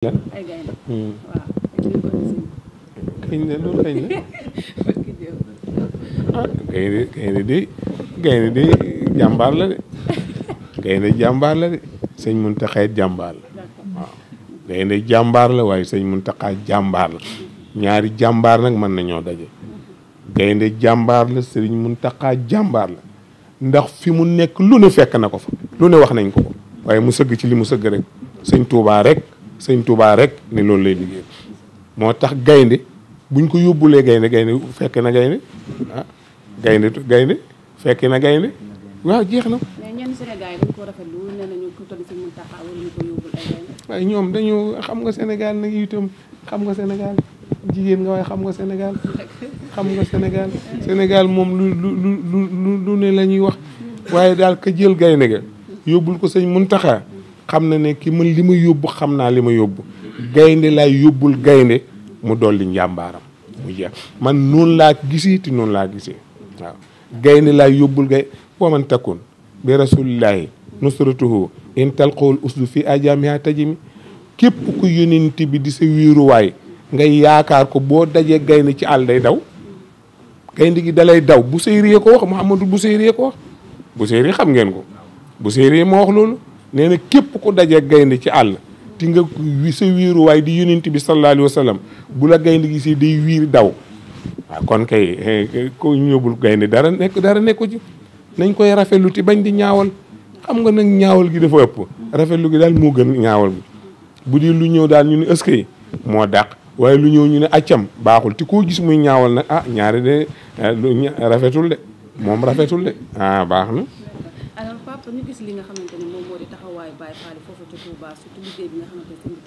Hmm. la ay ah, gaynde gaynde jàmbaar la de gaynde jàmbaar la de sëñ Muntaxa jàmbaar la ah. jàmbaar la waaye sëñ Muntaxa jàmbaar la ñaari jàmbaar nag mën nañoo daje gaynde jàmbaar la mun Muntaxa jàmbaar la ndax fi mu nekk lu ne fekk na ko fa lu ne wax nañ ko ko waaye mu sëgg ci li mu sëgg rek sëñ Tuubaa rek sëñ Touba rek ni loolu lay liggéey moo tax gaynde buñ ko yóbbulee gaynde gaynde fekk na gaynde ah gaynde gaynde fekk na gaynde waaw jeex na. waaye ñoom dañu xam nga Sénégal nag itam xam nga Sénégal jigéen nga waaye xam nga Sénégal xam nga Sénégal Sénégal moom lu lu lu lu ne la ñuy wax waaye daal ka jël gaynde ga yóbbul ko sëñ Mountakha xam na ne ki ma li ma yóbbu xam naa li ma yóbbu gaynde laay yóbbul gaynde mu dolli njàmbaaram mu jeex man noonu laa gisee te noonu laa gisee waaw gaynde lay yóbbul gay wa man takun bi rasulillahi nusratuhu in talqawul usdu fi ajamiha tajimi képp ku yonent bi di sa wéeruwaay ngay yaakaar ko boo dajee gaynde ci àll day daw gaynde gi dalay daw bu séeréer ko wax Muhammadu bu séeréer ko wax bu séeréer xam ngeen ko bu séeréer moo wax loolu nee na képp ku daje gaynde ci àll ti nga sa wiiru waaye di yonent bi sallallahu alayhi wa sallam bu la gaynde gi si day wiir daw kon kay eh, ko ñëbul gaynde dara nekk dara nekku ci nañ koy rafetlu ti bañ di ñaawal xam nga nag ñaawal gi dafa ëpp rafetlu gi daal moo gën ñaawal gi bu dee lu ñëw daal ñu ne ëska yi moo dàq waaye lu ñëw ñu ne accam baaxul ti ko gis muy ñaawal nag a ah, ñaari de eh, rafetul de moom rafetul de ah baax na Touba surtout liggéey bi nga xamante sëñ bi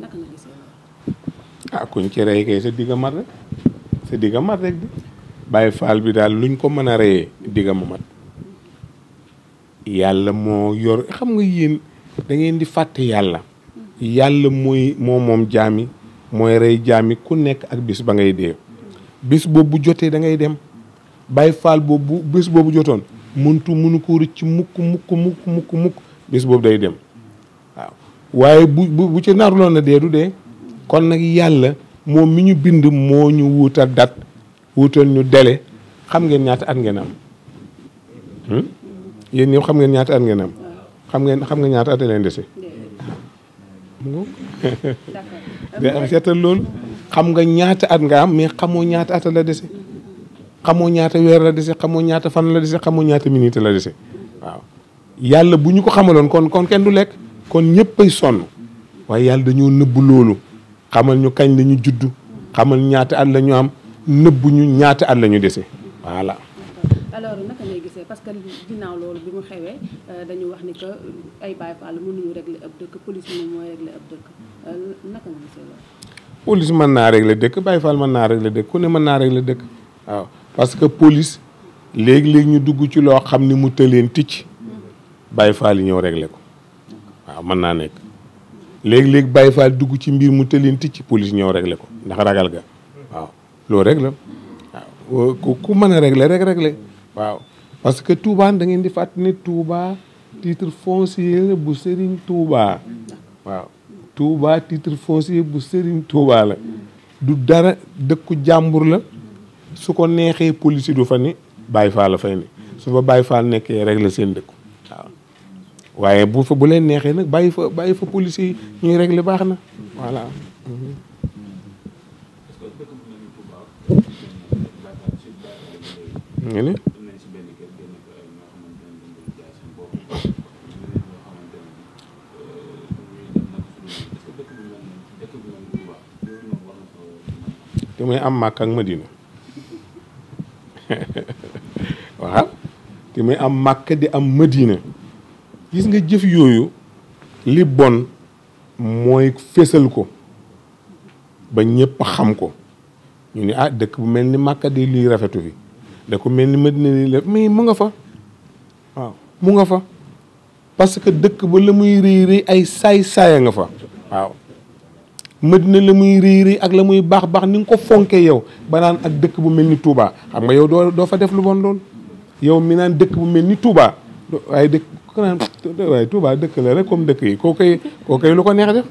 teg kuñ ci rey kay sa digga mat rek sa digga Faal bi daal luñ ko mën a reyee digga mu mat yàlla moo yor xam nga yéen da di fàtte yàlla mm. yàlla mooy moo moom jaami mooy rey jaami ku nekk ak bis ba ngay dee bis boobu bu jotee da ngay dem bàyyi faal boobu bis boobu jotoon muntu munu ko rëcc mukk mukk mukk mukk mukk bis boobu day dem waaw waaye bu bu ci naruloon na dee du dee kon nag yàlla moom mi ñu bind moo ñu wuutal dat wuutal ñu dele xam ngeen ñaata at ngeen am hmm? yéen ñëpp xam ngeen ñaata ngeen am xam ngeen xam nga ñaata at leen dese. d'accord day am seetal loolu. xam nga ñaata at nga am mais xamoo ñaata at la dese xamoo ñaata weer la dese xamoo ñaata fan la dese xamoo ñaata minute la dese waaw yàlla bu ñu ko xamaloon kon kon kenn du lekk kon ñëppay sonn waaye yàlla dañoo nëbb loolu xamal ñu kañ lañu ñu xamal ñaata at lañu am nëbbu ñu ñaata at lañu ñu dese voilà. police mën naa régler dëkk Baye Fall mën naa régler dëkk ku ne mën naa régler dëkk waaw parce que police léegi-léegi ñu dugg ci loo xam ni mu tëleen ticc Baye Fall yi ñëw régler ko waaw mën naa nekk léegi-léegi Baye Fall dugg ci mbir mu tëleen ticc police ñëw régler ko ndax ragal ga waaw loolu rek la ku mën a régler rek waaw parce que Touba da ngeen di fàttali ne Touba titre foncier bu Serigne Touba Touba titre foncier bu Serigne Touba la du dara dëkku jàmbur la su ko neexee police du fa ni Baye Fall la fay ni su fa Baye Fall nekkee rek la seen dëkk waaye bu fa bu leen neexee nag bàyyi fa bàyyi fa police yi ñuy régler baax na voilà. nga ne. te muy am màkk ak madina waaw te muy am màkk di am madina gis nga jëf yooyu li bon mooy fésal ko ba ñëpp xam ko ñu ni ah dëkk bu mel ni màkka di lii rafetu fi da ko mel ni madina lii la mais mu nga fa waaw mu nga fa parce que dëkk ba la muy rëy rëy ay saay saay a nga fa waaw Madina la muy rëy rëy ak la muy baax baax ni nga ko fonkee yow ba naan ak dëkk bu mel ni Touba xam nga yow doo doo fa def lu bon lool yow mi naan dëkk bu mel ni Touba waaye dëkk ku naan waaye la rek comme dëkk yi koo koy koo lu ko neex def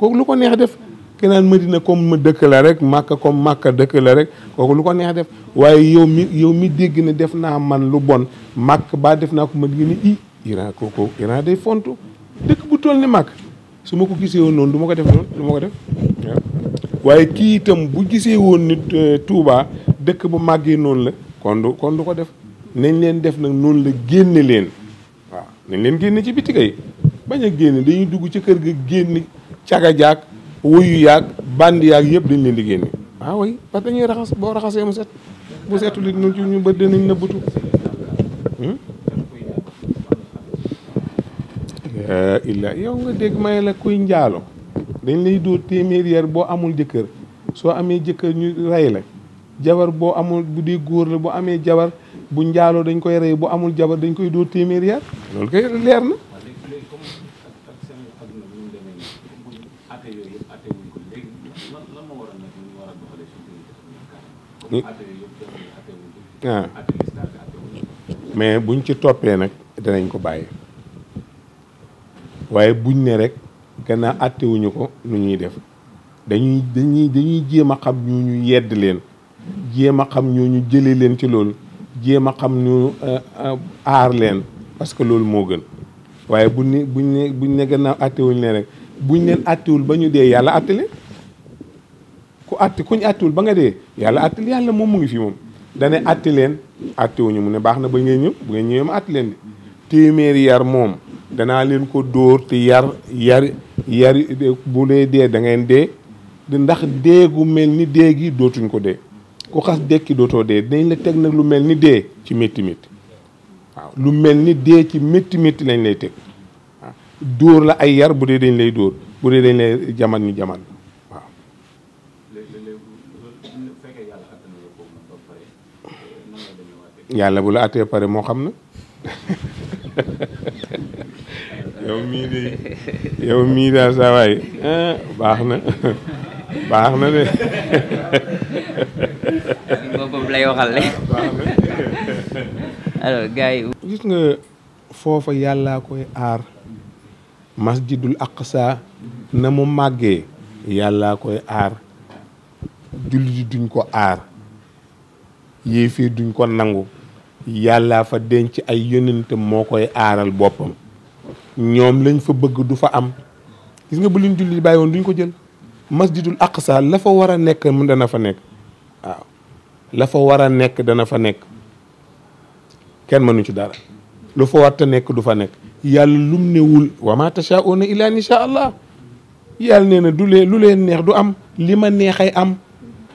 lu ko neex def ki naan Madina comme ma dëkk la rek Màkka comme Màkka dëkk la rek kooku lu ko neex def waaye yow mi yow mi dégg def naa man lu bon Màkk baa def naa ko ma gën a i Iran kooku Iran day fontu dëkk bu toll ni Màkk su ma ko gisee woon noonu du ma ko def noonu lu ma ko def waaye kii itam bu gisee woon nit euh, tuubaa dëkk bu màggee noonu la kon du kon ko def nañ leen def nag noonu la génne leen waaw nañ leen génne ci biti kay bañ a génne dañuy dugg ci kër ga génne caga jaag wuyu yaag bandi yaag yëpp dañ leen di génne. waaw way parce que dañuy raxas boo raxasee mu set bu setul it ñu ci ñu bët danañ nëbbatu. illa yow nga dégg may la kuy njaalo dañ lay dóor téeméer yar boo amul jëkkër soo amee jëkkër ñu rey la jabar boo amul bu dee góor la bu amee jabar bu njaaloo dañ koy rey bu amul jabar dañ koy doo téeméer yar loolu na ah. mais buñ ci toppee nag danañ ko bàyyi waaye buñ ne rek gannaaw àttewuñu ko nu ñuy def dañuy dañuy dañuy jéem a xam ñu ñu yedd leen jéem a xam ñu ñu jëlee leen ci loolu jéem a xam ñu euh, euh, aar leen parce que loolu moo gën waaye buñ ne buñ ne buñ ne gannaaw àttewuñu leen rek buñ leen àttewul ba ñu dee yàlla àttale ku àtte kuñ àttewul ba nga dee yàlla àttale yàlla moom mu ngi fi moom dane àtte leen àttewuñu mu ne baax na ba ngeen ñëw bu ngeen ñëwee ma àtte leen de téeméeri yar moom danaa leen ko dóor te yar yar yar bu dee dee da dee ndax dee mel ni dee dootuñ ko dee ku xas dekki dootoo dee dañ la teg nag lu mel ni dee ci métti métti lu mel ni dee ci métti lañ lay teg dóor la ay yar bu dee dañ lay dóor bu dee dañ lay jaman ñu jaman yàlla bu la àttee pare moo xam na. yow mii de yow mii daal saa eh, baax na baax na de. boppam lay waxal de. alors gars nga foofa yàllaa koy aar masjidul aqsa na mu màggee yàlla koy aar jullit duñ ko aar yéefee duñ ko nangu yàlla fa denc ay yonentam moo koy aaral boppam. ñoom lañ fa bëgg du fa am gis nga bu leen julli bàyyi woon duñ ko jël masjidul aqsa la fa war a nekk mun dana fa nekk waaw la fa war a nekk dana fa nekk kenn mënu ci dara lu fa war ta nekk du fa nekk yàlla lum newul wa ma tashaa'una illa an sha lee neex du am li ma neexay am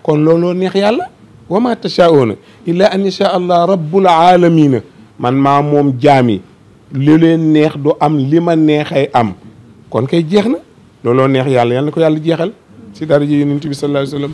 kon looloo neex yàlla wa ma tashaa'una illa an sha allah rabbul alamina man maa moom jaami li neex du am li ma neexay am kon kay jeex na looloo neex yàlla yàlla na ko yàlla jeexal si dara ji yonent bi sallallahu alayhi wa sallam